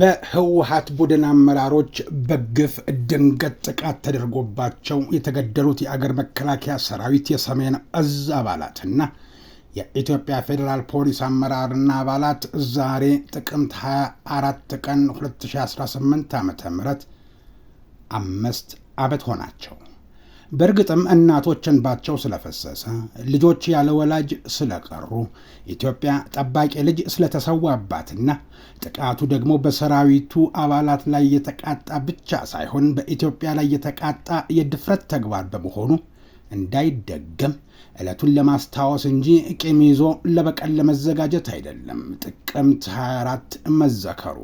በህወሀት ቡድን አመራሮች በግፍ ድንገት ጥቃት ተደርጎባቸው የተገደሉት የአገር መከላከያ ሰራዊት የሰሜን እዝ አባላትና የኢትዮጵያ ፌዴራል ፖሊስ አመራርና አባላት ዛሬ ጥቅምት 24 ቀን 2018 ዓ ም አምስት ዓመት ሆናቸው። በእርግጥም እናቶች እንባቸው ስለፈሰሰ፣ ልጆች ያለ ወላጅ ስለቀሩ፣ ኢትዮጵያ ጠባቂ ልጅ ስለተሰዋባትና ጥቃቱ ደግሞ በሰራዊቱ አባላት ላይ የተቃጣ ብቻ ሳይሆን በኢትዮጵያ ላይ የተቃጣ የድፍረት ተግባር በመሆኑ እንዳይደገም ዕለቱን ለማስታወስ እንጂ ቂም ይዞ ለበቀል ለመዘጋጀት አይደለም። ጥቅምት 24 መዘከሩ፣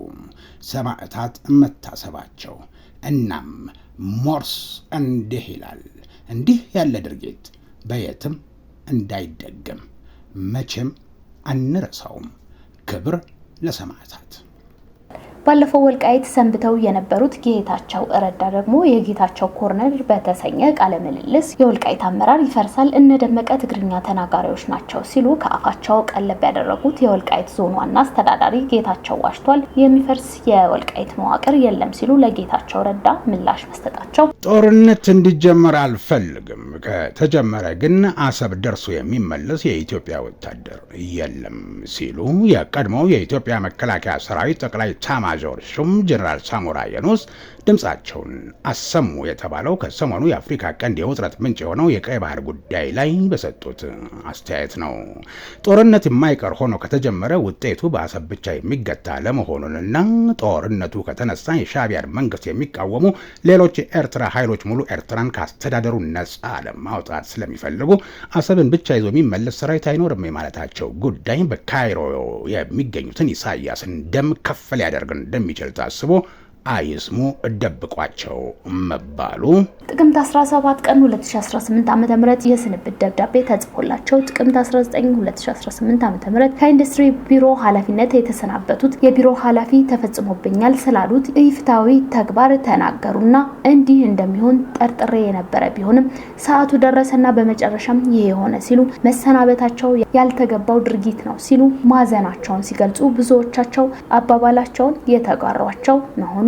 ሰማዕታት መታሰባቸው። እናም ሞርስ እንዲህ ይላል። እንዲህ ያለ ድርጊት በየትም እንዳይደገም መቼም አንረሳውም። ክብር ለሰማዕታት። ባለፈው ወልቃይት ሰንብተው የነበሩት ጌታቸው ረዳ ደግሞ የጌታቸው ኮርነር በተሰኘ ቃለ ምልልስ የወልቃይት አመራር ይፈርሳል፣ እነደመቀ ትግርኛ ተናጋሪዎች ናቸው ሲሉ ከአፋቸው ቀለብ ያደረጉት የወልቃይት ዞን ዋና አስተዳዳሪ ጌታቸው ዋሽቷል፣ የሚፈርስ የወልቃይት መዋቅር የለም ሲሉ ለጌታቸው ረዳ ምላሽ መስጠታቸው ጦርነት እንዲጀመር አልፈልግም፣ ከተጀመረ ግን አሰብ ደርሶ የሚመለስ የኢትዮጵያ ወታደር የለም ሲሉ የቀድሞው የኢትዮጵያ መከላከያ ሰራዊት ጠቅላይ ታማ ኤታማዦር ሹም ጀነራል ሳሞራ የኑስ ድምፃቸውን አሰሙ የተባለው ከሰሞኑ የአፍሪካ ቀንድ የውጥረት ምንጭ የሆነው የቀይ ባህር ጉዳይ ላይ በሰጡት አስተያየት ነው። ጦርነት የማይቀር ሆኖ ከተጀመረ ውጤቱ በአሰብ ብቻ የሚገታ ለመሆኑንና ጦርነቱ ከተነሳ የሻቢያን መንግስት የሚቃወሙ ሌሎች የኤርትራ ኃይሎች ሙሉ ኤርትራን ካስተዳደሩ ነፃ ለማውጣት ስለሚፈልጉ አሰብን ብቻ ይዞ የሚመለስ ሰራዊት አይኖርም የማለታቸው ጉዳይ በካይሮ የሚገኙትን ኢሳያስን ደም ከፍ ሊያደርግ እንደሚችል ታስቦ አይስሙ ደብቋቸው መባሉ ጥቅምት 17 ቀን 2018 ዓ ም የስንብት ደብዳቤ ተጽፎላቸው ጥቅምት 19 2018 ዓ ም ከኢንዱስትሪ ቢሮ ኃላፊነት የተሰናበቱት የቢሮ ኃላፊ ተፈጽሞብኛል ስላሉት ኢፍታዊ ተግባር ተናገሩና እንዲህ እንደሚሆን ጠርጥሬ የነበረ ቢሆንም ሰዓቱ ደረሰና በመጨረሻም ይሄ የሆነ ሲሉ መሰናበታቸው ያልተገባው ድርጊት ነው ሲሉ ማዘናቸውን ሲገልጹ ብዙዎቻቸው አባባላቸውን የተጋሯቸው መሆኑ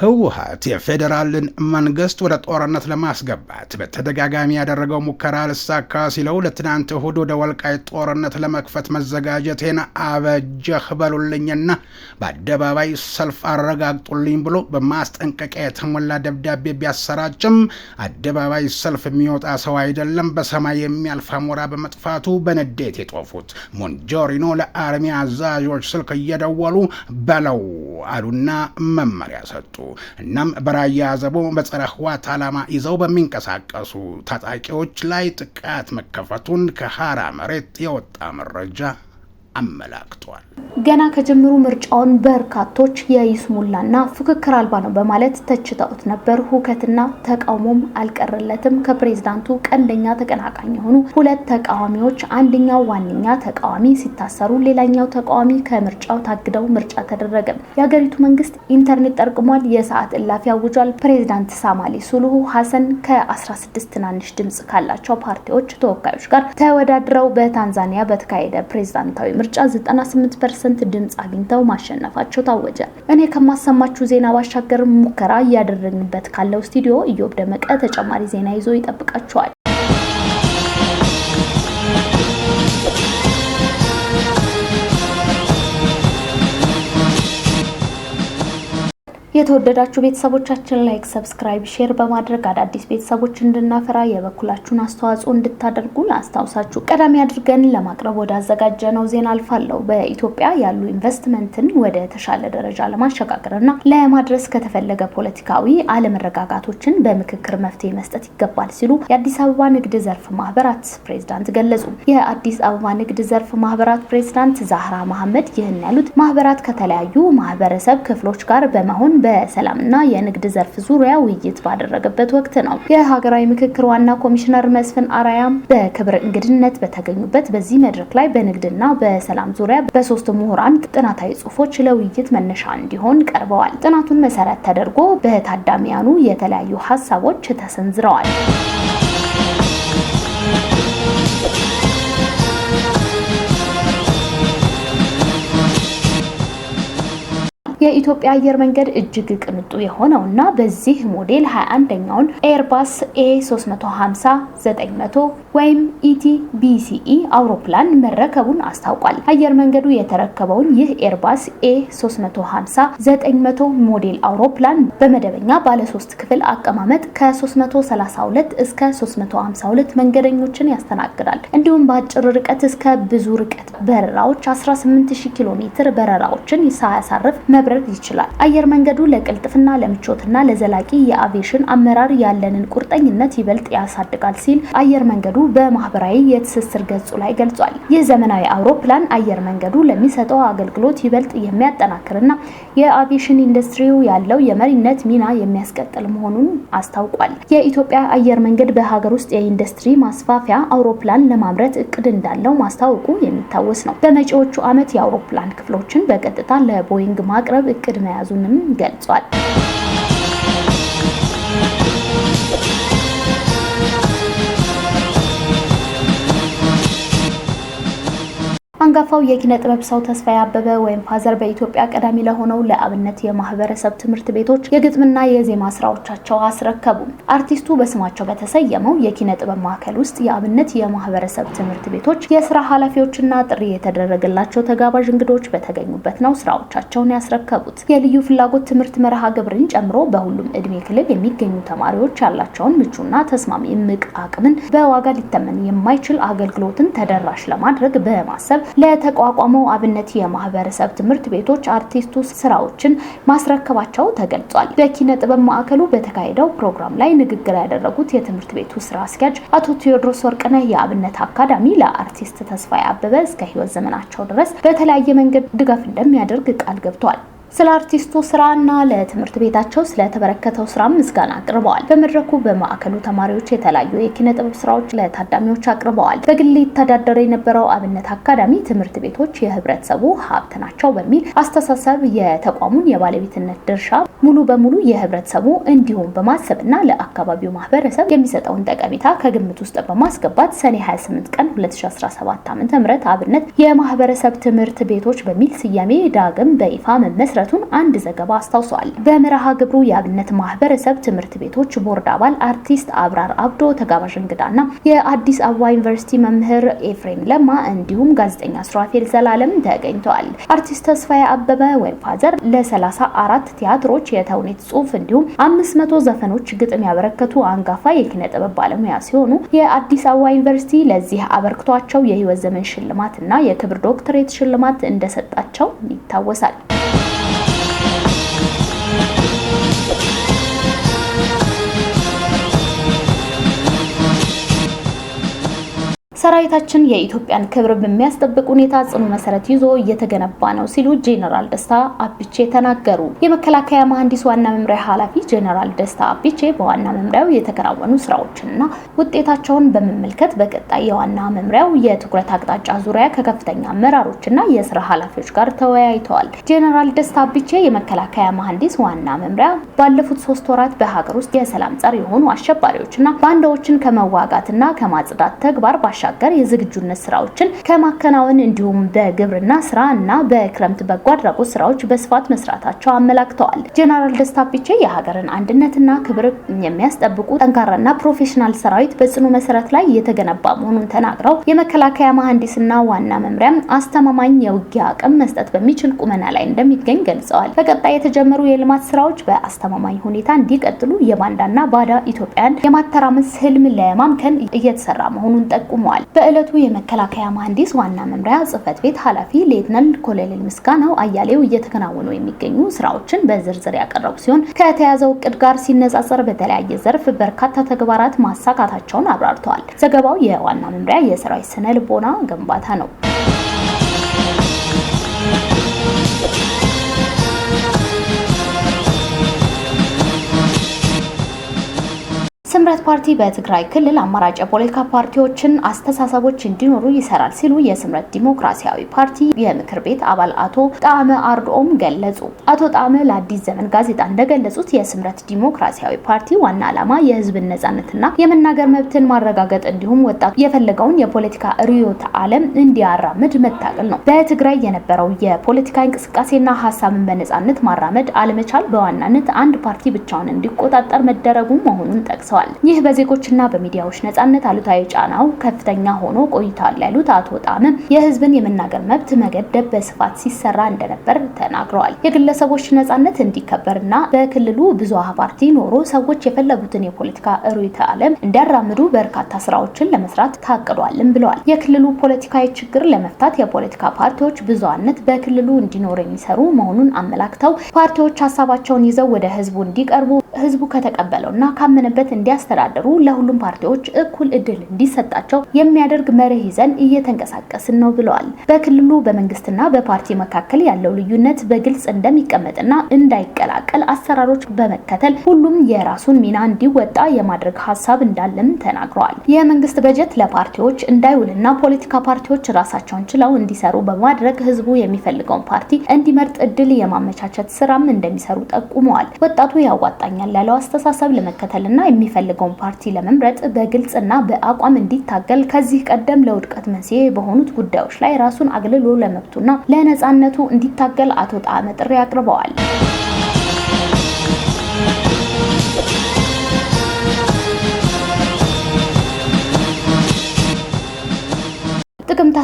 ህወሀት የፌዴራልን መንግስት ወደ ጦርነት ለማስገባት በተደጋጋሚ ያደረገው ሙከራ ልሳካ ሲለው ለትናንት እሁድ ወደ ወልቃይት ጦርነት ለመክፈት መዘጋጀቴን አበጀህ በሉልኝና በአደባባይ ሰልፍ አረጋግጡልኝ ብሎ በማስጠንቀቂያ የተሞላ ደብዳቤ ቢያሰራጭም አደባባይ ሰልፍ የሚወጣ ሰው አይደለም። በሰማይ የሚያልፍ አሞራ በመጥፋቱ በንዴት የጦፉት ሞንጆሪኖ ለአርሚ አዛዦች ስልክ እየደወሉ በለው አሉና መመሪያ ሰጡ። እናም በራያ አዘቦ በጸረ ህዋት ዓላማ ይዘው በሚንቀሳቀሱ ታጣቂዎች ላይ ጥቃት መከፈቱን ከሐራ መሬት የወጣ መረጃ አመላክቷል። ገና ከጀምሩ ምርጫውን በርካቶች የይስሙላና ፉክክር አልባ ነው በማለት ተችተውት ነበር። ሁከትና ተቃውሞም አልቀረለትም። ከፕሬዝዳንቱ ቀንደኛ ተቀናቃኝ የሆኑ ሁለት ተቃዋሚዎች፣ አንደኛው ዋነኛ ተቃዋሚ ሲታሰሩ፣ ሌላኛው ተቃዋሚ ከምርጫው ታግደው ምርጫ ተደረገ። የሀገሪቱ መንግስት ኢንተርኔት ጠርቅሟል፣ የሰዓት እላፊ አውጇል። ፕሬዝዳንት ሳማሌ ሱሉሁ ሀሰን ከ16 ትናንሽ ድምጽ ካላቸው ፓርቲዎች ተወካዮች ጋር ተወዳድረው በታንዛኒያ በተካሄደ ፕሬዝዳንታዊ ምርጫ ምርጫ 98 ፐርሰንት ድምፅ አግኝተው ማሸነፋቸው ታወጀ። እኔ ከማሰማችሁ ዜና ባሻገር ሙከራ እያደረግንበት ካለው ስቱዲዮ ኢዮብ ደመቀ ተጨማሪ ዜና ይዞ ይጠብቃችኋል። የተወደዳችሁ ቤተሰቦቻችን ላይክ፣ ሰብስክራይብ፣ ሼር በማድረግ አዳዲስ ቤተሰቦች እንድናፈራ የበኩላችሁን አስተዋጽኦ እንድታደርጉ ላስታውሳችሁ። ቀዳሚ አድርገን ለማቅረብ ወዳዘጋጀ ነው ዜና አልፋለሁ። በኢትዮጵያ ያሉ ኢንቨስትመንትን ወደ ተሻለ ደረጃ ለማሸጋገርና ለማድረስ ከተፈለገ ፖለቲካዊ አለመረጋጋቶችን በምክክር መፍትሄ መስጠት ይገባል ሲሉ የአዲስ አበባ ንግድ ዘርፍ ማህበራት ፕሬዚዳንት ገለጹ። የአዲስ አበባ ንግድ ዘርፍ ማህበራት ፕሬዚዳንት ዛህራ መሐመድ ይህን ያሉት ማህበራት ከተለያዩ ማህበረሰብ ክፍሎች ጋር በመሆን በሰላምና የንግድ ዘርፍ ዙሪያ ውይይት ባደረገበት ወቅት ነው። የሀገራዊ ምክክር ዋና ኮሚሽነር መስፍን አራያም በክብር እንግድነት በተገኙበት በዚህ መድረክ ላይ በንግድና በሰላም ዙሪያ በሶስት ምሁራን ጥናታዊ ጽሁፎች ለውይይት መነሻ እንዲሆን ቀርበዋል። ጥናቱን መሰረት ተደርጎ በታዳሚያኑ የተለያዩ ሀሳቦች ተሰንዝረዋል። የኢትዮጵያ አየር መንገድ እጅግ ቅንጡ የሆነው እና በዚህ ሞዴል 21ኛውን ኤርባስ ኤ 350 900 ወይም ኢቲ ቢሲኢ አውሮፕላን መረከቡን አስታውቋል። አየር መንገዱ የተረከበውን ይህ ኤርባስ ኤ 350 900 ሞዴል አውሮፕላን በመደበኛ ባለሶስት ክፍል አቀማመጥ ከ332 እስከ 352 መንገደኞችን ያስተናግዳል። እንዲሁም በአጭር ርቀት እስከ ብዙ ርቀት በረራዎች 18000 ኪሎ ሜትር በረራዎችን ሳያሳርፍ መብረር ይችላል። አየር መንገዱ ለቅልጥፍና ለምቾትና ለዘላቂ የአቪዬሽን አመራር ያለንን ቁርጠኝነት ይበልጥ ያሳድጋል ሲል አየር መንገዱ በማህበራዊ የትስስር ገጹ ላይ ገልጿል። ይህ ዘመናዊ አውሮፕላን አየር መንገዱ ለሚሰጠው አገልግሎት ይበልጥ የሚያጠናክርና የአቪዬሽን ኢንዱስትሪው ያለው የመሪነት ሚና የሚያስቀጥል መሆኑን አስታውቋል። የኢትዮጵያ አየር መንገድ በሀገር ውስጥ የኢንዱስትሪ ማስፋፊያ አውሮፕላን ለማምረት እቅድ እንዳለው ማስታወቁ የሚታወስ ነው። በመጪዎቹ ዓመት የአውሮፕላን ክፍሎችን በቀጥታ ለቦይንግ ማቅረብ ለማቅረብ እቅድ መያዙንም ገልጿል። አንጋፋው የኪነ ጥበብ ሰው ተስፋዬ አበበ ወይም ፋዘር በኢትዮጵያ ቀዳሚ ለሆነው ለአብነት የማህበረሰብ ትምህርት ቤቶች የግጥምና የዜማ ስራዎቻቸው አስረከቡ። አርቲስቱ በስማቸው በተሰየመው የኪነ ጥበብ ማዕከል ውስጥ የአብነት የማህበረሰብ ትምህርት ቤቶች የስራ ኃላፊዎችና ጥሪ የተደረገላቸው ተጋባዥ እንግዶች በተገኙበት ነው ስራዎቻቸውን ያስረከቡት። የልዩ ፍላጎት ትምህርት መርሃ ግብርን ጨምሮ በሁሉም እድሜ ክልል የሚገኙ ተማሪዎች ያላቸውን ምቹና ተስማሚ እምቅ አቅምን በዋጋ ሊተመን የማይችል አገልግሎትን ተደራሽ ለማድረግ በማሰብ በተቋቋመው አብነት የማህበረሰብ ትምህርት ቤቶች አርቲስቱ ስራዎችን ማስረከባቸው ተገልጿል። በኪነ ጥበብ ማዕከሉ በተካሄደው ፕሮግራም ላይ ንግግር ያደረጉት የትምህርት ቤቱ ስራ አስኪያጅ አቶ ቴዎድሮስ ወርቅነህ የአብነት አካዳሚ ለአርቲስት ተስፋዬ አበበ እስከ ህይወት ዘመናቸው ድረስ በተለያየ መንገድ ድጋፍ እንደሚያደርግ ቃል ገብቷል። ስለ አርቲስቱ ስራና ለትምህርት ቤታቸው ስለተበረከተው ስራ ምስጋና አቅርበዋል። በመድረኩ በማዕከሉ ተማሪዎች የተለያዩ የኪነ ጥበብ ስራዎች ለታዳሚዎች አቅርበዋል። በግል ይተዳደር የነበረው አብነት አካዳሚ ትምህርት ቤቶች የህብረተሰቡ ሀብት ናቸው በሚል አስተሳሰብ የተቋሙን የባለቤትነት ድርሻ ሙሉ በሙሉ የህብረተሰቡ እንዲሁም በማሰብና ለአካባቢው ማህበረሰብ የሚሰጠውን ጠቀሜታ ከግምት ውስጥ በማስገባት ሰኔ 28 ቀን 2017 ዓ.ም አብነት የማህበረሰብ ትምህርት ቤቶች በሚል ስያሜ ዳግም በይፋ መመስረ መመስረቱን አንድ ዘገባ አስታውሷል። በመርሃ ግብሩ የአብነት ማህበረሰብ ትምህርት ቤቶች ቦርድ አባል አርቲስት አብራር አብዶ ተጋባዥ እንግዳና የአዲስ አበባ ዩኒቨርሲቲ መምህር ኤፍሬም ለማ እንዲሁም ጋዜጠኛ ስራፌል ዘላለም ተገኝተዋል። አርቲስት ተስፋዬ አበበ ወይም ፋዘር ለ34 ቲያትሮች የተውኔት ጽሁፍ እንዲሁም 500 ዘፈኖች ግጥም ያበረከቱ አንጋፋ የኪነ ጥበብ ባለሙያ ሲሆኑ የአዲስ አበባ ዩኒቨርሲቲ ለዚህ አበርክቷቸው የህይወት ዘመን ሽልማት እና የክብር ዶክትሬት ሽልማት እንደሰጣቸው ይታወሳል። ሰራዊታችን የኢትዮጵያን ክብር በሚያስጠብቅ ሁኔታ ጽኑ መሰረት ይዞ እየተገነባ ነው ሲሉ ጄኔራል ደስታ አብቼ ተናገሩ። የመከላከያ መሐንዲስ ዋና መምሪያ ኃላፊ ጄኔራል ደስታ አብቼ በዋና መምሪያው የተከናወኑ ስራዎችንና ውጤታቸውን በመመልከት በቀጣይ የዋና መምሪያው የትኩረት አቅጣጫ ዙሪያ ከከፍተኛ አመራሮችና የስራ ኃላፊዎች ጋር ተወያይተዋል። ጄኔራል ደስታ አብቼ የመከላከያ መሐንዲስ ዋና መምሪያ ባለፉት ሶስት ወራት በሀገር ውስጥ የሰላም ጸር የሆኑ አሸባሪዎችና ባንዳዎችን ከመዋጋትና ከማጽዳት ተግባር ባሻ ባሻገር የዝግጁነት ስራዎችን ከማከናወን እንዲሁም በግብርና ስራ እና በክረምት በጎ አድራጎት ስራዎች በስፋት መስራታቸው አመላክተዋል። ጀነራል ደስታ ፒቼ የሀገርን አንድነትና ክብር የሚያስጠብቁ ጠንካራና ፕሮፌሽናል ሰራዊት በጽኑ መሰረት ላይ የተገነባ መሆኑን ተናግረው የመከላከያ መሐንዲስና ዋና መምሪያም አስተማማኝ የውጊያ አቅም መስጠት በሚችል ቁመና ላይ እንደሚገኝ ገልጸዋል። በቀጣይ የተጀመሩ የልማት ስራዎች በአስተማማኝ ሁኔታ እንዲቀጥሉ የባንዳና ባዳ ኢትዮጵያን የማተራመስ ህልም ለማምከን እየተሰራ መሆኑን ጠቁመዋል። ተናግረዋል። በዕለቱ የመከላከያ መሐንዲስ ዋና መምሪያ ጽህፈት ቤት ኃላፊ ሌትነል ኮሎኔል ምስጋናው አያሌው እየተከናወኑ የሚገኙ ስራዎችን በዝርዝር ያቀረቡ ሲሆን ከተያዘው እቅድ ጋር ሲነጻጸር በተለያየ ዘርፍ በርካታ ተግባራት ማሳካታቸውን አብራርተዋል። ዘገባው የዋና መምሪያ የሰራዊት ስነ ልቦና ግንባታ ነው። ስምረት ፓርቲ በትግራይ ክልል አማራጭ የፖለቲካ ፓርቲዎችን አስተሳሰቦች እንዲኖሩ ይሰራል ሲሉ የስምረት ዲሞክራሲያዊ ፓርቲ የምክር ቤት አባል አቶ ጣመ አርድኦም ገለጹ። አቶ ጣመ ለአዲስ ዘመን ጋዜጣ እንደገለጹት የስምረት ዲሞክራሲያዊ ፓርቲ ዋና ዓላማ የህዝብን ነጻነትና የመናገር መብትን ማረጋገጥ እንዲሁም ወጣቱ የፈለገውን የፖለቲካ ርዕዮተ ዓለም እንዲያራምድ መታቅል ነው። በትግራይ የነበረው የፖለቲካ እንቅስቃሴና ሀሳብን በነጻነት ማራመድ አለመቻል በዋናነት አንድ ፓርቲ ብቻውን እንዲቆጣጠር መደረጉ መሆኑን ጠቅሰዋል። አብራርተዋል። ይህ በዜጎችና በሚዲያዎች ነጻነት አሉታዊ ጫናው ከፍተኛ ሆኖ ቆይቷል ያሉት አቶ ጣም የህዝብን የመናገር መብት መገደብ በስፋት ሲሰራ እንደነበር ተናግረዋል። የግለሰቦች ነጻነት እንዲከበርና በክልሉ ብዙሃን ፓርቲ ኖሮ ሰዎች የፈለጉትን የፖለቲካ ርዕዮተ ዓለም እንዲያራምዱ በርካታ ስራዎችን ለመስራት ታቅዷልም ብለዋል። የክልሉ ፖለቲካዊ ችግር ለመፍታት የፖለቲካ ፓርቲዎች ብዙሃነት በክልሉ እንዲኖር የሚሰሩ መሆኑን አመላክተው ፓርቲዎች ሀሳባቸውን ይዘው ወደ ህዝቡ እንዲቀርቡ ህዝቡ ከተቀበለው እና ካመነበት እንዲያስተዳድሩ ለሁሉም ፓርቲዎች እኩል እድል እንዲሰጣቸው የሚያደርግ መርህ ይዘን እየተንቀሳቀስን ነው ብለዋል። በክልሉ በመንግስትና በፓርቲ መካከል ያለው ልዩነት በግልጽ እንደሚቀመጥና እንዳይቀላቀል አሰራሮች በመከተል ሁሉም የራሱን ሚና እንዲወጣ የማድረግ ሀሳብ እንዳለም ተናግረዋል። የመንግስት በጀት ለፓርቲዎች እንዳይውልና ፖለቲካ ፓርቲዎች ራሳቸውን ችለው እንዲሰሩ በማድረግ ህዝቡ የሚፈልገውን ፓርቲ እንዲመርጥ እድል የማመቻቸት ስራም እንደሚሰሩ ጠቁመዋል። ወጣቱ ያዋጣኛል ይገባል ያለው አስተሳሰብ ለመከተልና የሚፈልገውን ፓርቲ ለመምረጥ በግልጽና በአቋም እንዲታገል ከዚህ ቀደም ለውድቀት መንስኤ በሆኑት ጉዳዮች ላይ ራሱን አግልሎ ለመብቱና ለነጻነቱ እንዲታገል አቶ ጣመ ጥሪ አቅርበዋል።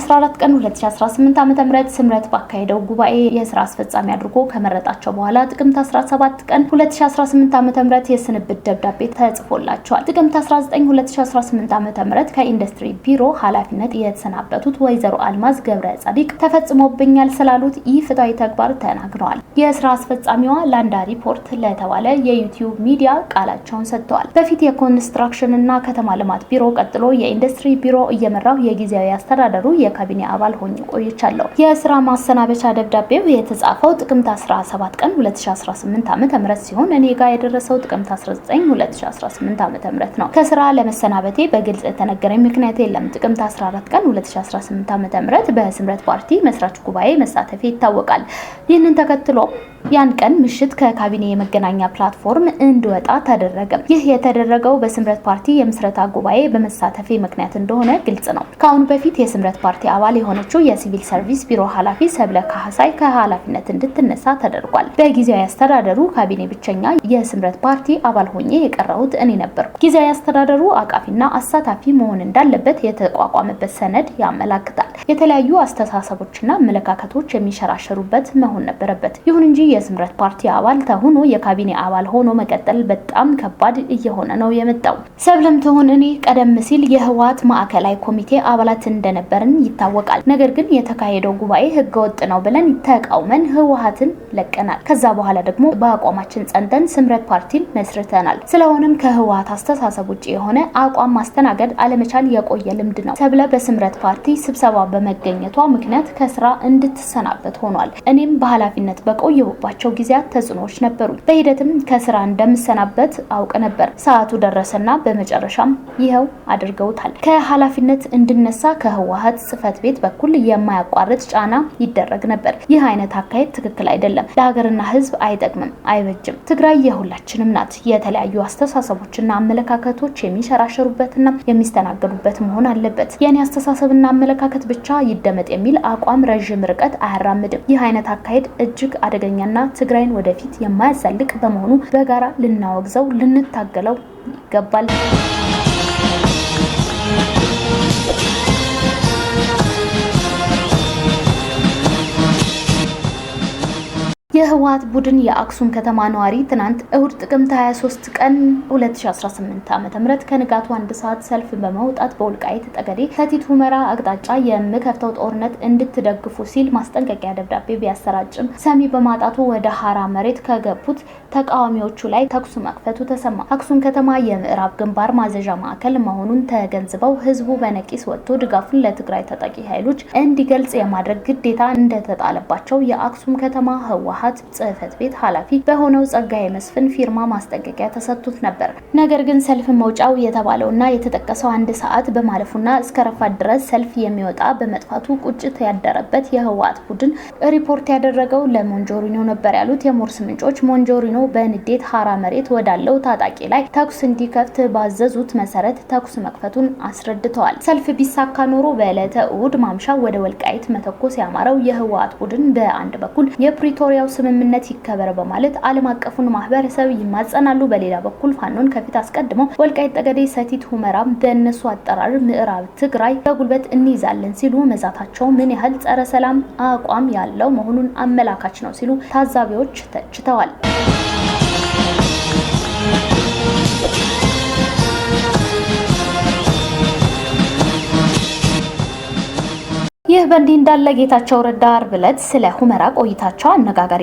14 ቀን 2018 ዓ ም ስምረት ባካሄደው ጉባኤ የስራ አስፈጻሚ አድርጎ ከመረጣቸው በኋላ ጥቅምት 17 ቀን 2018 ዓ ም የስንብት ደብዳቤ ተጽፎላቸዋል። ጥቅምት 19 2018 ዓ ም ከኢንዱስትሪ ቢሮ ኃላፊነት የተሰናበቱት ወይዘሮ አልማዝ ገብረ ጻዲቅ ተፈጽሞብኛል ስላሉት ይህ ፍትሃዊ ተግባር ተናግረዋል። የስራ አስፈጻሚዋ ላንዳ ሪፖርት ለተባለ የዩቲዩብ ሚዲያ ቃላቸውን ሰጥተዋል። በፊት የኮንስትራክሽን እና ከተማ ልማት ቢሮ ቀጥሎ የኢንዱስትሪ ቢሮ እየመራው የጊዜያዊ አስተዳደሩ የካቢኔ አባል ሆኜ ቆይቻለሁ። የስራ ማሰናበቻ ደብዳቤው የተጻፈው ጥቅምት 17 ቀን 2018 ዓ ም ሲሆን እኔ ጋር የደረሰው ጥቅምት 19 2018 ዓ ም ነው። ከስራ ለመሰናበቴ በግልጽ የተነገረኝ ምክንያት የለም። ጥቅምት 14 ቀን 2018 ዓ ም በስምረት ፓርቲ መስራች ጉባኤ መሳተፌ ይታወቃል። ይህንን ተከትሎም ያን ቀን ምሽት ከካቢኔ የመገናኛ ፕላትፎርም እንድወጣ ተደረገ። ይህ የተደረገው በስምረት ፓርቲ የምስረታ ጉባኤ በመሳተፌ ምክንያት እንደሆነ ግልጽ ነው። ከአሁን በፊት የስምረት ፓርቲ ፓርቲ አባል የሆነችው የሲቪል ሰርቪስ ቢሮ ኃላፊ ሰብለ ካህሳይ ከኃላፊነት እንድትነሳ ተደርጓል። በጊዜያዊ አስተዳደሩ ካቢኔ ብቸኛ የስምረት ፓርቲ አባል ሆኜ የቀረሁት እኔ ነበርኩ። ጊዜያዊ አስተዳደሩ አቃፊና አሳታፊ መሆን እንዳለበት የተቋቋመበት ሰነድ ያመላክታል። የተለያዩ አስተሳሰቦችና አመለካከቶች የሚሸራሸሩበት መሆን ነበረበት። ይሁን እንጂ የስምረት ፓርቲ አባል ተሆኖ የካቢኔ አባል ሆኖ መቀጠል በጣም ከባድ እየሆነ ነው የመጣው። ሰብለም ትሆን እኔ ቀደም ሲል የህወሓት ማዕከላዊ ኮሚቴ አባላት እንደነበርን ይታወቃል። ነገር ግን የተካሄደው ጉባኤ ህገወጥ ነው ብለን ተቃውመን ህወሀትን ለቀናል። ከዛ በኋላ ደግሞ በአቋማችን ጸንተን ስምረት ፓርቲን መስርተናል። ስለሆነም ከህወሀት አስተሳሰብ ውጭ የሆነ አቋም ማስተናገድ አለመቻል የቆየ ልምድ ነው። ሰብለ በስምረት ፓርቲ ስብሰባ በመገኘቷ ምክንያት ከስራ እንድትሰናበት ሆኗል። እኔም በኃላፊነት በቆየሁባቸው ጊዜያት ተጽዕኖዎች ነበሩ። በሂደትም ከስራ እንደምሰናበት አውቅ ነበር። ሰዓቱ ደረሰና በመጨረሻም ይኸው አድርገውታል። ከኃላፊነት እንድነሳ ከህወሀት ጽፈ ጽህፈት ቤት በኩል የማያቋርጥ ጫና ይደረግ ነበር። ይህ አይነት አካሄድ ትክክል አይደለም፣ ለሀገርና ህዝብ አይጠቅምም፣ አይበጅም። ትግራይ የሁላችንም ናት። የተለያዩ አስተሳሰቦችና አመለካከቶች የሚሸራሸሩበትና የሚስተናገዱበት መሆን አለበት። የእኔ አስተሳሰብና አመለካከት ብቻ ይደመጥ የሚል አቋም ረዥም ርቀት አያራምድም። ይህ አይነት አካሄድ እጅግ አደገኛና ትግራይን ወደፊት የማያዛልቅ በመሆኑ በጋራ ልናወግዘው፣ ልንታገለው ይገባል። የህወሀት ቡድን የአክሱም ከተማ ነዋሪ ትናንት እሁድ ጥቅምት 23 ቀን 2018 ዓ ም ከንጋቱ አንድ ሰዓት ሰልፍ በመውጣት በወልቃይት ጠገዴ ከቲት ሁመራ አቅጣጫ የምከፍተው ጦርነት እንድትደግፉ ሲል ማስጠንቀቂያ ደብዳቤ ቢያሰራጭም ሰሚ በማጣቱ ወደ ሀራ መሬት ከገቡት ተቃዋሚዎቹ ላይ ተኩሱ መክፈቱ ተሰማ። አክሱም ከተማ የምዕራብ ግንባር ማዘዣ ማዕከል መሆኑን ተገንዝበው ህዝቡ በነቂስ ወጥቶ ድጋፉን ለትግራይ ታጣቂ ኃይሎች እንዲገልጽ የማድረግ ግዴታ እንደተጣለባቸው የአክሱም ከተማ ህዋ ህወሀት ጽህፈት ቤት ኃላፊ በሆነው ጸጋዬ መስፍን ፊርማ ማስጠንቀቂያ ተሰጥቶት ነበር። ነገር ግን ሰልፍ መውጫው የተባለውና የተጠቀሰው አንድ ሰዓት በማለፉና እስከ ረፋት ድረስ ሰልፍ የሚወጣ በመጥፋቱ ቁጭት ያደረበት የህወሀት ቡድን ሪፖርት ያደረገው ለሞንጆሪኖ ነበር ያሉት የሞርስ ምንጮች ሞንጆሪኖ በንዴት ሀራ መሬት ወዳለው ታጣቂ ላይ ተኩስ እንዲከፍት ባዘዙት መሰረት ተኩስ መክፈቱን አስረድተዋል። ሰልፍ ቢሳካ ኖሮ በዕለተ እሁድ ማምሻ ወደ ወልቃይት መተኮስ ያማረው የህወሀት ቡድን በአንድ በኩል የፕሪቶሪያው ስምምነት ይከበር በማለት ዓለም አቀፉን ማህበረሰብ ይማጸናሉ። በሌላ በኩል ፋኖን ከፊት አስቀድመው ወልቃይት ጠገዴ፣ ሰቲት ሁመራም በእነሱ አጠራር ምዕራብ ትግራይ በጉልበት እንይዛለን ሲሉ መዛታቸው ምን ያህል ጸረ ሰላም አቋም ያለው መሆኑን አመላካች ነው ሲሉ ታዛቢዎች ተችተዋል። ይህ በእንዲህ እንዳለ ጌታቸው ረዳ አርብ ዕለት ስለ ሁመራ ቆይታቸው አነጋጋሪ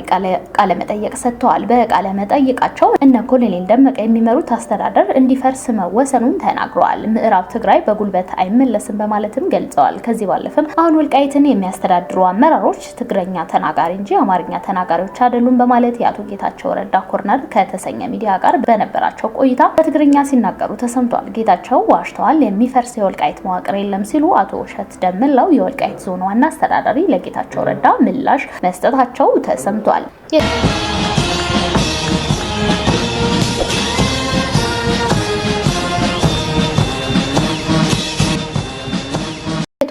ቃለ መጠየቅ ሰጥተዋል። በቃለ መጠይቃቸው እነ ኮሎኔል ደመቀ የሚመሩት አስተዳደር እንዲፈርስ መወሰኑን ተናግረዋል። ምዕራብ ትግራይ በጉልበት አይመለስም በማለትም ገልጸዋል። ከዚህ ባለፈም አሁን ወልቃይትን የሚያስተዳድሩ አመራሮች ትግረኛ ተናጋሪ እንጂ አማርኛ ተናጋሪዎች አይደሉም በማለት የአቶ ጌታቸው ረዳ ኮርነር ከተሰኘ ሚዲያ ጋር በነበራቸው ቆይታ በትግርኛ ሲናገሩ ተሰምቷል። ጌታቸው ዋሽተዋል፣ የሚፈርስ የወልቃይት መዋቅር የለም ሲሉ አቶ ውሸት ደምላው የወልቃይት ዞን ዋና አስተዳዳሪ ለጌታቸው ረዳ ምላሽ መስጠታቸው ተሰምቷል።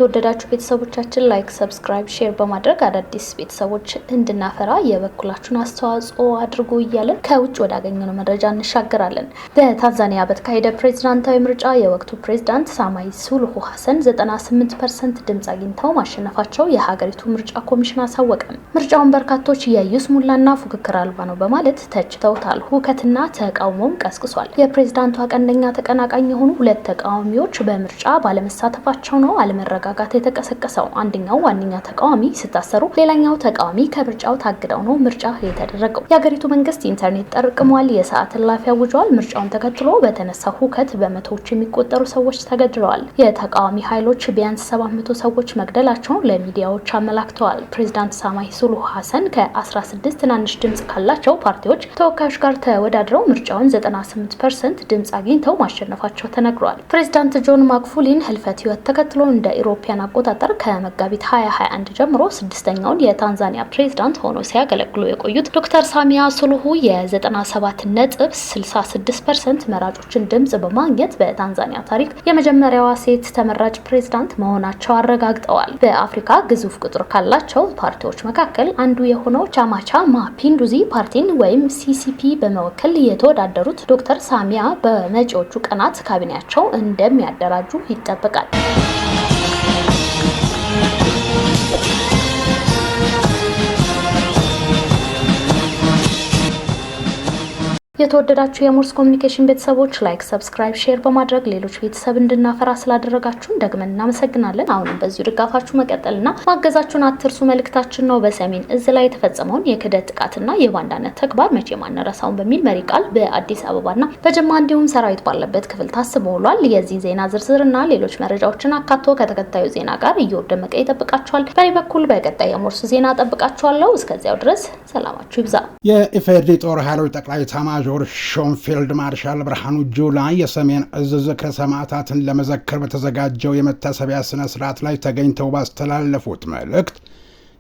የተወደዳችሁ ቤተሰቦቻችን ላይክ፣ ሰብስክራይብ፣ ሼር በማድረግ አዳዲስ ቤተሰቦች እንድናፈራ የበኩላችሁን አስተዋጽኦ አድርጉ እያለን ከውጭ ወዳገኘነው መረጃ እንሻገራለን። በታንዛኒያ በተካሄደ ፕሬዚዳንታዊ ምርጫ የወቅቱ ፕሬዚዳንት ሳማይ ሱሉሁ ሀሰን 98 ፐርሰንት ድምፅ አግኝተው ማሸነፋቸው የሀገሪቱ ምርጫ ኮሚሽን አሳወቀ። ምርጫውን በርካቶች የይስሙላና ፉክክር አልባ ነው በማለት ተችተውታል። ሁከትና ተቃውሞም ቀስቅሷል። የፕሬዚዳንቷ ቀንደኛ ተቀናቃኝ የሆኑ ሁለት ተቃዋሚዎች በምርጫ ባለመሳተፋቸው ነው አለመረጋ አለመረጋጋት የተቀሰቀሰው። አንደኛው ዋነኛ ተቃዋሚ ስታሰሩ፣ ሌላኛው ተቃዋሚ ከምርጫው ታግደው ነው ምርጫ የተደረገው። የሀገሪቱ መንግስት ኢንተርኔት ጠርቅሟል፣ የሰዓት እላፊ አውጇል። ምርጫውን ተከትሎ በተነሳ ሁከት በመቶዎች የሚቆጠሩ ሰዎች ተገድለዋል። የተቃዋሚ ኃይሎች ቢያንስ 700 ሰዎች መግደላቸውን ለሚዲያዎች አመላክተዋል። ፕሬዚዳንት ሳማይ ሱሉ ሀሰን ከ16 ትናንሽ ድምጽ ካላቸው ፓርቲዎች ተወካዮች ጋር ተወዳድረው ምርጫውን 98 ፐርሰንት ድምጽ አግኝተው ማሸነፋቸው ተነግሯል። ፕሬዚዳንት ጆን ማክፉሊን ህልፈት ህይወት ተከትሎ እንደ ኢሮ አውሮፓውያን አቆጣጠር ከመጋቢት 2021 ጀምሮ ስድስተኛውን የታንዛኒያ ፕሬዝዳንት ሆኖ ሲያገለግሉ የቆዩት ዶክተር ሳሚያ ሱሉሁ የ97 ነጥብ 66 ፐርሰንት መራጮችን ድምጽ በማግኘት በታንዛኒያ ታሪክ የመጀመሪያዋ ሴት ተመራጭ ፕሬዝዳንት መሆናቸው አረጋግጠዋል። በአፍሪካ ግዙፍ ቁጥር ካላቸው ፓርቲዎች መካከል አንዱ የሆነው ቻማቻ ማፒንዱዚ ፓርቲን ወይም ሲሲፒ በመወከል የተወዳደሩት ዶክተር ሳሚያ በመጪዎቹ ቀናት ካቢኔያቸው እንደሚያደራጁ ይጠበቃል። የተወደዳችሁ የሞርስ ኮሚኒኬሽን ቤተሰቦች ላይክ፣ ሰብስክራይብ፣ ሼር በማድረግ ሌሎች ቤተሰብ እንድናፈራ ስላደረጋችሁን ደግመን እናመሰግናለን። አሁንም በዚሁ ድጋፋችሁ መቀጠልና ማገዛችሁን አትርሱ መልእክታችን ነው። በሰሜን እዝ ላይ የተፈጸመውን የክደት ጥቃትና የባንዳነት ተግባር መቼ አናረሳውን በሚል መሪ ቃል በአዲስ አበባና በጀማ እንዲሁም ሰራዊት ባለበት ክፍል ታስቦ ውሏል። የዚህ ዜና ዝርዝርና ሌሎች መረጃዎችን አካቶ ከተከታዩ ዜና ጋር እየወደመቀ ይጠብቃችኋል። በኔ በኩል በቀጣይ የሞርስ ዜና ጠብቃችኋለሁ። እስከዚያው ድረስ ሰላማችሁ ይብዛ። የኢፌዴሪ ጦር ኃይሎች ጠቅላይ ኤታማዦር ኮማዶር ሾን ፊልድ ማርሻል ብርሃኑ ጁላ የሰሜን እዝ ዝክረ ሰማዕታትን ለመዘከር በተዘጋጀው የመታሰቢያ ስነ ስርዓት ላይ ተገኝተው ባስተላለፉት መልእክት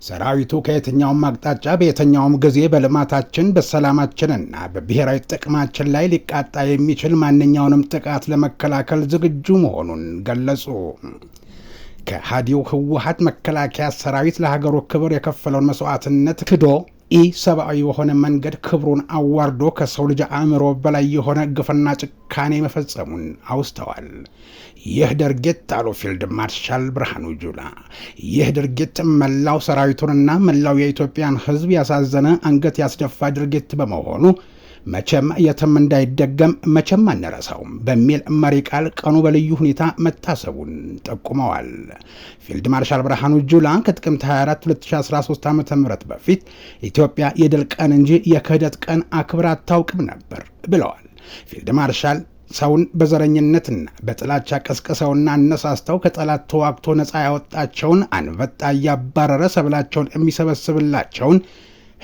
ሰራዊቱ ከየትኛውም አቅጣጫ በየትኛውም ጊዜ በልማታችን በሰላማችንና በብሔራዊ ጥቅማችን ላይ ሊቃጣ የሚችል ማንኛውንም ጥቃት ለመከላከል ዝግጁ መሆኑን ገለጹ። ከሃዲው ህወሀት መከላከያ ሰራዊት ለሀገሩ ክብር የከፈለውን መስዋዕትነት ክዶ ሰብአዊ በሆነ መንገድ ክብሩን አዋርዶ ከሰው ልጅ አእምሮ በላይ የሆነ ግፍና ጭካኔ መፈጸሙን አውስተዋል። ይህ ድርጊት አሉ ፊልድ ማርሻል ብርሃኑ ጁላ፣ ይህ ድርጊት መላው ሰራዊቱንና መላው የኢትዮጵያን ሕዝብ ያሳዘነ አንገት ያስደፋ ድርጊት በመሆኑ መቼም የትም እንዳይደገም መቼም አንረሳውም በሚል መሪ ቃል ቀኑ በልዩ ሁኔታ መታሰቡን ጠቁመዋል። ፊልድ ማርሻል ብርሃኑ ጁላ ከጥቅምት 24 2013 ዓ ም በፊት ኢትዮጵያ የድል ቀን እንጂ የክህደት ቀን አክብራት አታውቅም ነበር ብለዋል። ፊልድ ማርሻል ሰውን በዘረኝነትና በጥላቻ ቀስቀሰውና አነሳስተው ከጠላት ተዋግቶ ነፃ ያወጣቸውን አንበጣ እያባረረ ሰብላቸውን የሚሰበስብላቸውን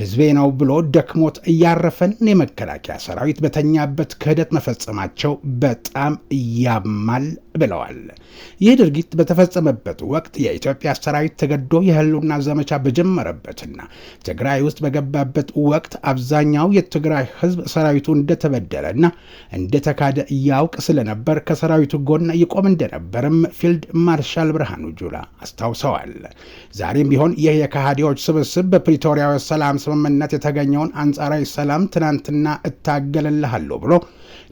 ህዝቤ ነው ብሎ ደክሞት እያረፈን የመከላከያ ሰራዊት በተኛበት ክህደት መፈጸማቸው በጣም ያማል ብለዋል። ይህ ድርጊት በተፈጸመበት ወቅት የኢትዮጵያ ሰራዊት ተገዶ የህልውና ዘመቻ በጀመረበትና ትግራይ ውስጥ በገባበት ወቅት አብዛኛው የትግራይ ህዝብ ሰራዊቱ እንደተበደለና እንደተካደ እያውቅ ስለነበር ከሰራዊቱ ጎን ይቆም እንደነበርም ፊልድ ማርሻል ብርሃኑ ጁላ አስታውሰዋል። ዛሬም ቢሆን ይህ የካሃዲዎች ስብስብ በፕሪቶሪያ ሰላም ስምምነት የተገኘውን አንጻራዊ ሰላም ትናንትና እታገልልሃለሁ ብሎ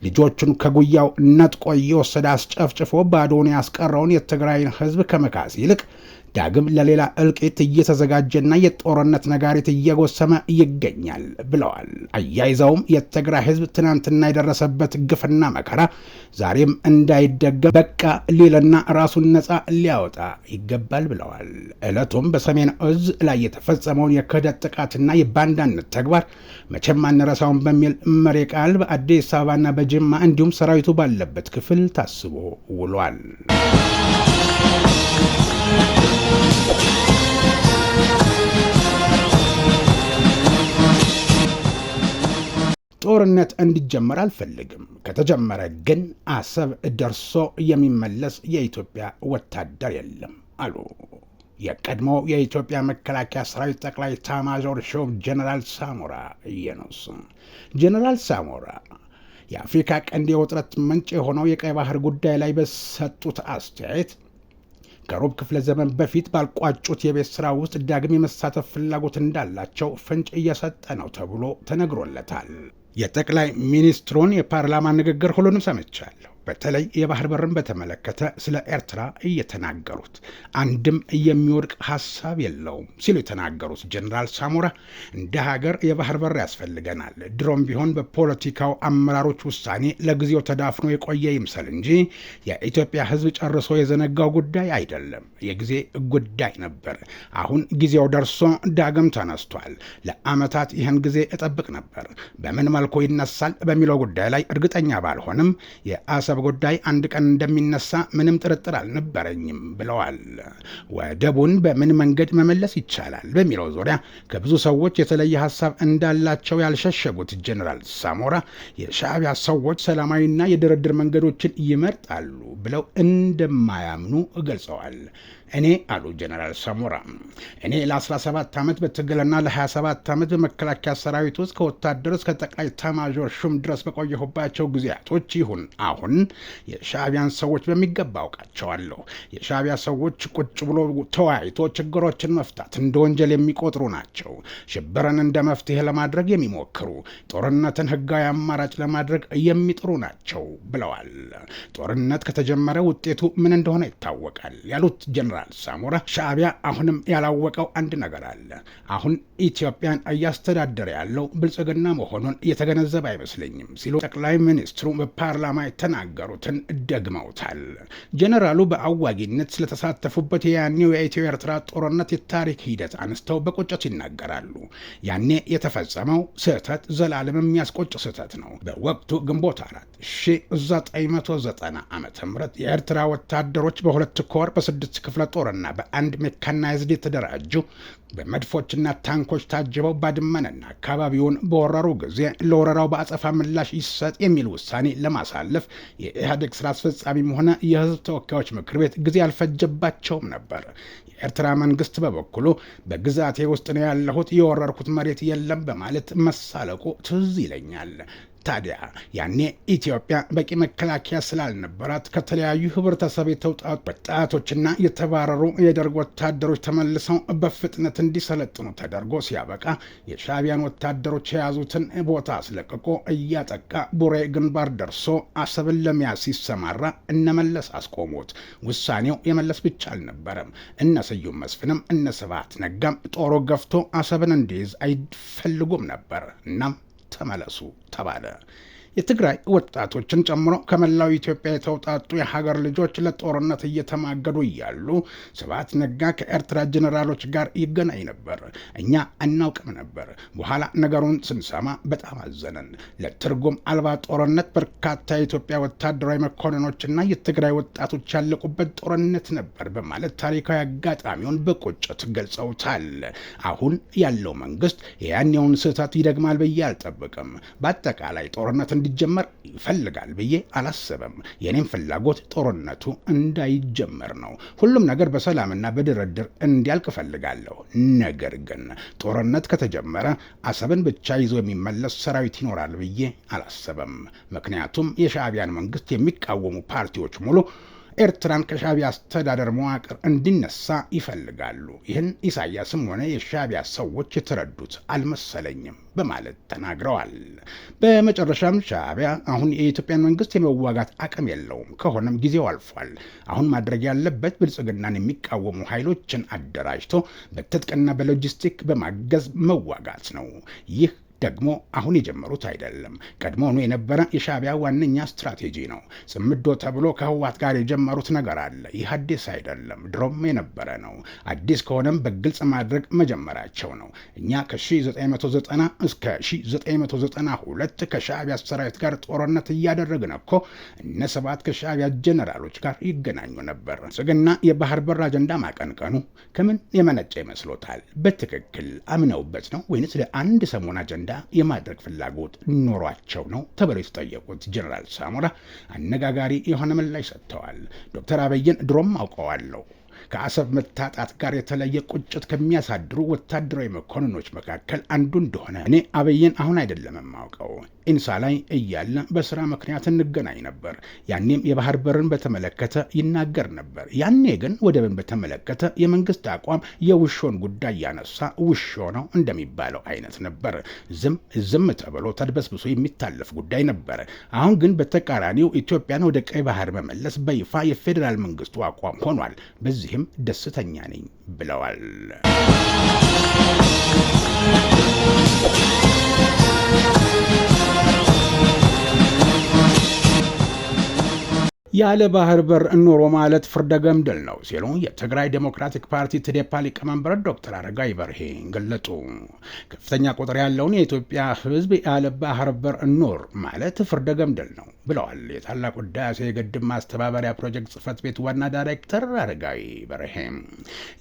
ልጆቹን ከጉያው ነጥቆ እየወሰደ አስጨፍጭፎ ባዶውን ያስቀረውን የትግራይን ህዝብ ከመካስ ይልቅ ዳግም ለሌላ እልቂት እየተዘጋጀና የጦርነት ነጋሪት እየጎሰመ ይገኛል ብለዋል። አያይዘውም የትግራይ ህዝብ ትናንትና የደረሰበት ግፍና መከራ ዛሬም እንዳይደገም በቃ ሊልና ራሱን ነፃ ሊያወጣ ይገባል ብለዋል። ዕለቱም በሰሜን እዝ ላይ የተፈጸመውን የክህደት ጥቃትና የባንዳነት ተግባር መቼም አንረሳውን በሚል መሪ ቃል በአዲስ አበባና በጅማ እንዲሁም ሰራዊቱ ባለበት ክፍል ታስቦ ውሏል። ጦርነት እንዲጀመር አልፈልግም። ከተጀመረ ግን አሰብ ደርሶ የሚመለስ የኢትዮጵያ ወታደር የለም አሉ የቀድሞ የኢትዮጵያ መከላከያ ሰራዊት ጠቅላይ ኤታማዦር ሹም ጀነራል ሳሞራ የኑስ። ጀነራል ሳሞራ የአፍሪካ ቀንድ የውጥረት ምንጭ የሆነው የቀይ ባህር ጉዳይ ላይ በሰጡት አስተያየት ከሩብ ክፍለ ዘመን በፊት ባልቋጩት የቤት ስራ ውስጥ ዳግም የመሳተፍ ፍላጎት እንዳላቸው ፍንጭ እየሰጠ ነው ተብሎ ተነግሮለታል። የጠቅላይ ሚኒስትሩን የፓርላማ ንግግር ሁሉንም ሰምቻለሁ። በተለይ የባህር በርን በተመለከተ ስለ ኤርትራ እየተናገሩት አንድም የሚወድቅ ሀሳብ የለውም ሲሉ የተናገሩት ጀኔራል ሳሞራ እንደ ሀገር የባህር በር ያስፈልገናል፣ ድሮም ቢሆን በፖለቲካው አመራሮች ውሳኔ ለጊዜው ተዳፍኖ የቆየ ይምሰል እንጂ የኢትዮጵያ ሕዝብ ጨርሶ የዘነጋው ጉዳይ አይደለም፣ የጊዜ ጉዳይ ነበር። አሁን ጊዜው ደርሶ ዳግም ተነስቷል። ለአመታት ይህን ጊዜ እጠብቅ ነበር። በምን መልኩ ይነሳል በሚለው ጉዳይ ላይ እርግጠኛ ባልሆንም የአሰ የቤተሰብ ጉዳይ አንድ ቀን እንደሚነሳ ምንም ጥርጥር አልነበረኝም ብለዋል። ወደቡን በምን መንገድ መመለስ ይቻላል በሚለው ዙሪያ ከብዙ ሰዎች የተለየ ሀሳብ እንዳላቸው ያልሸሸጉት ጀኔራል ሳሞራ የሻዕቢያ ሰዎች ሰላማዊና የድርድር መንገዶችን ይመርጣሉ ብለው እንደማያምኑ ገልጸዋል። እኔ አሉ ጀነራል ሳሞራ እኔ ለ17 ዓመት በትግልና ለ27 ዓመት በመከላከያ ሰራዊት ውስጥ ከወታደር እስከ ጠቅላይ ኤታማዦር ሹም ድረስ በቆየሁባቸው ጊዜያቶች ይሁን አሁን የሻቢያን ሰዎች በሚገባ አውቃቸዋለሁ። የሻቢያ ሰዎች ቁጭ ብሎ ተወያይቶ ችግሮችን መፍታት እንደ ወንጀል የሚቆጥሩ ናቸው። ሽብርን እንደ መፍትሄ ለማድረግ የሚሞክሩ ጦርነትን ህጋዊ አማራጭ ለማድረግ የሚጥሩ ናቸው ብለዋል። ጦርነት ከተጀመረ ውጤቱ ምን እንደሆነ ይታወቃል ያሉት ጀነራል ጀነራል ሳሞራ ሻዕቢያ አሁንም ያላወቀው አንድ ነገር አለ። አሁን ኢትዮጵያን እያስተዳደረ ያለው ብልጽግና መሆኑን እየተገነዘበ አይመስለኝም ሲሉ ጠቅላይ ሚኒስትሩ በፓርላማ የተናገሩትን ደግመውታል። ጀነራሉ በአዋጊነት ስለተሳተፉበት የያኔው የኢትዮ ኤርትራ ጦርነት የታሪክ ሂደት አንስተው በቁጭት ይናገራሉ። ያኔ የተፈጸመው ስህተት ዘላለም የሚያስቆጭ ስህተት ነው። በወቅቱ ግንቦት 4 1990 ዓ ም የኤርትራ ወታደሮች በሁለት ኮር በስድስት ክፍለ ጦርና በአንድ ሜካናይዝድ የተደራጁ በመድፎችና ታንኮች ታጅበው ባድመንና አካባቢውን በወረሩ ጊዜ ለወረራው በአጸፋ ምላሽ ይሰጥ የሚል ውሳኔ ለማሳለፍ የኢህአዴግ ስራ አስፈጻሚም ሆነ የህዝብ ተወካዮች ምክር ቤት ጊዜ አልፈጀባቸውም ነበር። የኤርትራ መንግስት በበኩሉ በግዛቴ ውስጥ ነው ያለሁት፣ የወረርኩት መሬት የለም በማለት መሳለቁ ትዝ ይለኛል። ታዲያ ያኔ ኢትዮጵያ በቂ መከላከያ ስላልነበራት ከተለያዩ ህብረተሰብ የተውጣጡ ወጣቶችና የተባረሩ የደርግ ወታደሮች ተመልሰው በፍጥነት እንዲሰለጥኑ ተደርጎ ሲያበቃ የሻቢያን ወታደሮች የያዙትን ቦታ አስለቅቆ እያጠቃ ቡሬ ግንባር ደርሶ አሰብን ለመያዝ ሲሰማራ እነመለስ አስቆሙት። ውሳኔው የመለስ ብቻ አልነበረም። እነ ስዩም መስፍንም እነ ስብሐት ነጋም ገፍቶ አሰብን እንዲይዝ አይፈልጉም ነበር። እናም ተመለሱ ተባለ። የትግራይ ወጣቶችን ጨምሮ ከመላው ኢትዮጵያ የተውጣጡ የሀገር ልጆች ለጦርነት እየተማገዱ እያሉ ስብሐት ነጋ ከኤርትራ ጀኔራሎች ጋር ይገናኝ ነበር። እኛ አናውቅም ነበር። በኋላ ነገሩን ስንሰማ በጣም አዘነን ለትርጉም አልባ ጦርነት በርካታ የኢትዮጵያ ወታደራዊ መኮንኖችና የትግራይ ወጣቶች ያለቁበት ጦርነት ነበር በማለት ታሪካዊ አጋጣሚውን በቁጭት ገልጸውታል። አሁን ያለው መንግስት የያኔውን ስህተት ይደግማል ብዬ አልጠብቅም። በአጠቃላይ ጦርነት እንዲጀመር ይፈልጋል ብዬ አላሰበም። የኔም ፍላጎት ጦርነቱ እንዳይጀመር ነው። ሁሉም ነገር በሰላምና በድርድር እንዲያልቅ እፈልጋለሁ። ነገር ግን ጦርነት ከተጀመረ አሰብን ብቻ ይዞ የሚመለስ ሰራዊት ይኖራል ብዬ አላሰበም። ምክንያቱም የሻዕቢያን መንግስት የሚቃወሙ ፓርቲዎች ሙሉ ኤርትራን ከሻቢያ አስተዳደር መዋቅር እንዲነሳ ይፈልጋሉ። ይህን ኢሳያስም ሆነ የሻቢያ ሰዎች የተረዱት አልመሰለኝም በማለት ተናግረዋል። በመጨረሻም ሻቢያ አሁን የኢትዮጵያን መንግስት የመዋጋት አቅም የለውም፣ ከሆነም ጊዜው አልፏል። አሁን ማድረግ ያለበት ብልጽግናን የሚቃወሙ ኃይሎችን አደራጅቶ በትጥቅና በሎጂስቲክ በማገዝ መዋጋት ነው። ይህ ደግሞ አሁን የጀመሩት አይደለም፣ ቀድሞውኑ የነበረ የሻቢያ ዋነኛ ስትራቴጂ ነው። ጽምዶ ተብሎ ከህዋት ጋር የጀመሩት ነገር አለ። ይህ አዲስ አይደለም፣ ድሮም የነበረ ነው። አዲስ ከሆነም በግልጽ ማድረግ መጀመራቸው ነው። እኛ ከ1990 እስከ 1992 ከሻቢያ ሰራዊት ጋር ጦርነት እያደረግን እኮ እነ ሰባት ከሻቢያ ጀነራሎች ጋር ይገናኙ ነበር። ጽግና የባህር በር አጀንዳ ማቀንቀኑ ከምን የመነጨ ይመስሎታል? በትክክል አምነውበት ነው ወይንስ ለአንድ ሰሞን አጀንዳ አጀንዳ የማድረግ ፍላጎት ኖሯቸው ነው ተብለው የተጠየቁት ጀኔራል ሳሞራ አነጋጋሪ የሆነ ምላሽ ሰጥተዋል። ዶክተር አብይን ድሮም አውቀዋለሁ ከአሰብ መታጣት ጋር የተለየ ቁጭት ከሚያሳድሩ ወታደራዊ መኮንኖች መካከል አንዱ እንደሆነ እኔ አብይን አሁን አይደለም የማውቀው ኢንሳ ላይ እያለ በስራ ምክንያት እንገናኝ ነበር። ያኔም የባህር በርን በተመለከተ ይናገር ነበር። ያኔ ግን ወደብን በተመለከተ የመንግስት አቋም የውሾን ጉዳይ ያነሳ ውሾ ነው እንደሚባለው አይነት ነበር። ዝም ዝም ተብሎ ተድበስብሶ የሚታለፍ ጉዳይ ነበር። አሁን ግን በተቃራኒው ኢትዮጵያን ወደ ቀይ ባህር መመለስ በይፋ የፌዴራል መንግስቱ አቋም ሆኗል። በዚህም ደስተኛ ነኝ ብለዋል። ያለ ባህር በር እኖሮ ማለት ፍርደ ገምድል ነው ሲሉ የትግራይ ዴሞክራቲክ ፓርቲ ትዴፓ ሊቀመንበር ዶክተር አረጋይ በርሄ ገለጡ። ከፍተኛ ቁጥር ያለውን የኢትዮጵያ ሕዝብ ያለ ባህር በር እኖር ማለት ፍርደ ገምድል ነው ብለዋል። የታላቁ ሕዳሴ የግድብ ማስተባበሪያ ፕሮጀክት ጽህፈት ቤት ዋና ዳይሬክተር አረጋይ በርሄ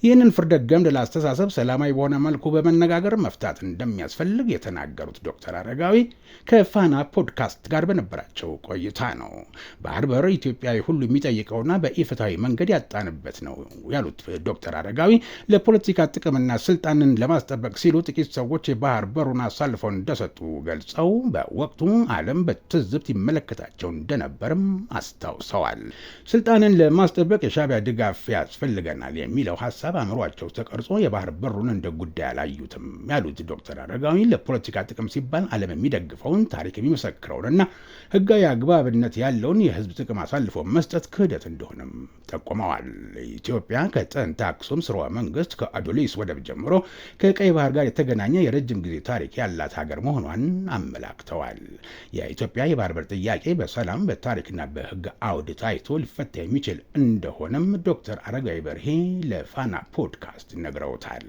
ይህንን ፍርደ ገምድል አስተሳሰብ ሰላማዊ በሆነ መልኩ በመነጋገር መፍታት እንደሚያስፈልግ የተናገሩት ዶክተር አረጋዊ ከፋና ፖድካስት ጋር በነበራቸው ቆይታ ነው። ባህር በር ኢትዮጵያ ኢትዮጵያዊ ሁሉ የሚጠይቀውና በኢፍትሐዊ መንገድ ያጣንበት ነው ያሉት ዶክተር አረጋዊ ለፖለቲካ ጥቅምና ስልጣንን ለማስጠበቅ ሲሉ ጥቂት ሰዎች የባህር በሩን አሳልፈው እንደሰጡ ገልጸው በወቅቱ ዓለም በትዝብት ይመለከታቸው እንደነበርም አስታውሰዋል። ስልጣንን ለማስጠበቅ የሻቢያ ድጋፍ ያስፈልገናል የሚለው ሀሳብ አእምሯቸው ተቀርጾ የባህር በሩን እንደ ጉዳይ አላዩትም ያሉት ዶክተር አረጋዊ ለፖለቲካ ጥቅም ሲባል ዓለም የሚደግፈውን ታሪክ የሚመሰክረውንና ሕጋዊ አግባብነት ያለውን የህዝብ ጥቅም አሳልፈው ዩኒፎርም መስጠት ክህደት እንደሆነም ጠቁመዋል። ኢትዮጵያ ከጥንት አክሱም ስርወ መንግስት ከአዶሊስ ወደብ ጀምሮ ከቀይ ባህር ጋር የተገናኘ የረጅም ጊዜ ታሪክ ያላት ሀገር መሆኗን አመላክተዋል። የኢትዮጵያ የባህር በር ጥያቄ በሰላም በታሪክና በህግ አውድ ታይቶ ሊፈታ የሚችል እንደሆነም ዶክተር አረጋዊ በርሄ ለፋና ፖድካስት ነግረውታል።